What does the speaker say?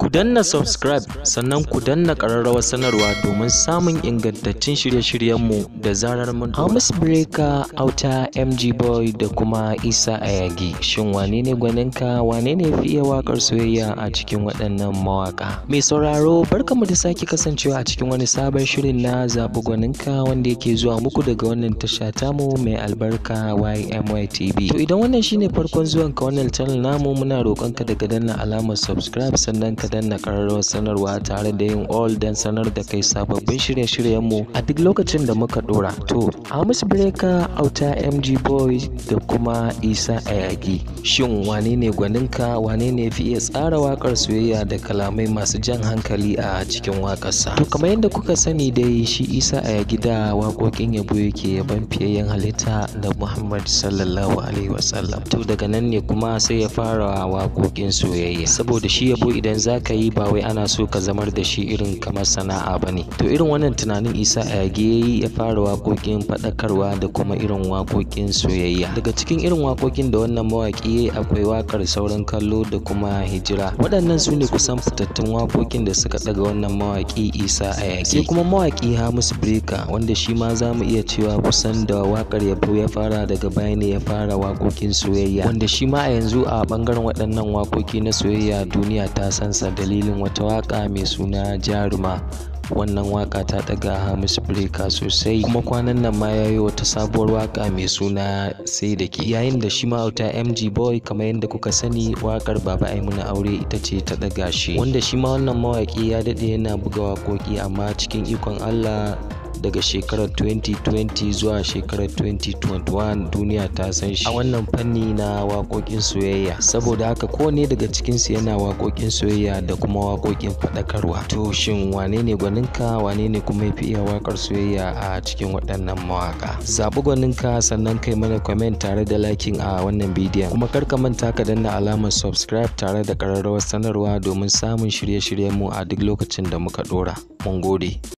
Ku danna subscribe sannan ku danna ƙararrawar sanarwa domin samun ingantaccen shirye-shiryenmu da zarar mun Hamis Breaker, Auta, MG Boy da kuma Isa Ayagi. Shin wane ne gwaninka wane ne fiye waƙar soyayya a cikin waɗannan mawaƙa? Mai sauraro barkamu da sake kasancewa a cikin wani sabon shirin na zaɓi gwaninka wanda yake zuwa muku daga wannan tasha mu mai albarka YMY To idan wannan shine farkon zuwanka wannan channel namu muna roƙonka daga danna alamar subscribe sannan ka danna ƙararrawar sanarwa tare da yin all dan sanar da kai sababbin shirye-shiryenmu a duk lokacin da muka dora. To, Hamis Breka, Auta MG Boy da kuma Isa Ayagi. Shin wane ne gwaninka wane ne fi iya tsara wakar soyayya da kalamai masu jan hankali a cikin waƙarsa? To, kamar yadda kuka sani dai shi Isa Ayagi da waƙoƙin yabo yake yaban fiyayyen halitta da Muhammad sallallahu alaihi wasallam. To, daga nan ne kuma sai ya fara waƙoƙin soyayya. Saboda shi yabo idan za za ka yi ba wai ana so ka zamar da shi irin kamar sana'a ba ne to irin wannan tunanin isa yage ya yi ya fara waƙoƙin faɗakarwa da kuma irin waƙoƙin soyayya daga cikin irin waƙoƙin da wannan mawaƙi ya akwai waƙar sauran kallo da kuma hijira waɗannan su ne kusan fitattun waƙoƙin da suka ɗaga wannan mawaƙi isa a yage sai kuma mawaƙi hamus Breaker, wanda shi ma za mu iya cewa kusan da waƙar yabo ya fara daga baya ne ya fara waƙoƙin soyayya wanda shi ma a yanzu a ɓangaren waɗannan waƙoƙi na soyayya duniya ta san A dalilin wata waka mai suna jaruma wannan waka ta daga hamis Breka sosai kuma kwanan nan ma ya yi wata sabuwar waka mai suna sai da ke yayin da shi ma'auta MG Boy kamar yadda kuka sani wakar Baba Aimuna Aure ita ce ta daga shi wanda shi ma wannan mawaki ya dade yana buga waƙoƙi amma cikin ikon Allah daga shekarar 2020 zuwa shekarar 2021 duniya ta san shi a wannan fanni na waƙoƙin soyayya saboda haka ko ne daga cikinsu yana waƙoƙin soyayya da kuma waƙoƙin faɗakarwa to shin wane ne gwaninka wane ne kuma ya fi iya waƙar soyayya a cikin waɗannan mawaƙa zaɓi gwaninka sannan kai mana comment tare da liking a wannan bidiyon kuma kar ka manta ka danna alamar subscribe tare da ƙararrawar sanarwa domin samun shirye-shiryenmu a duk lokacin da muka ɗora mun gode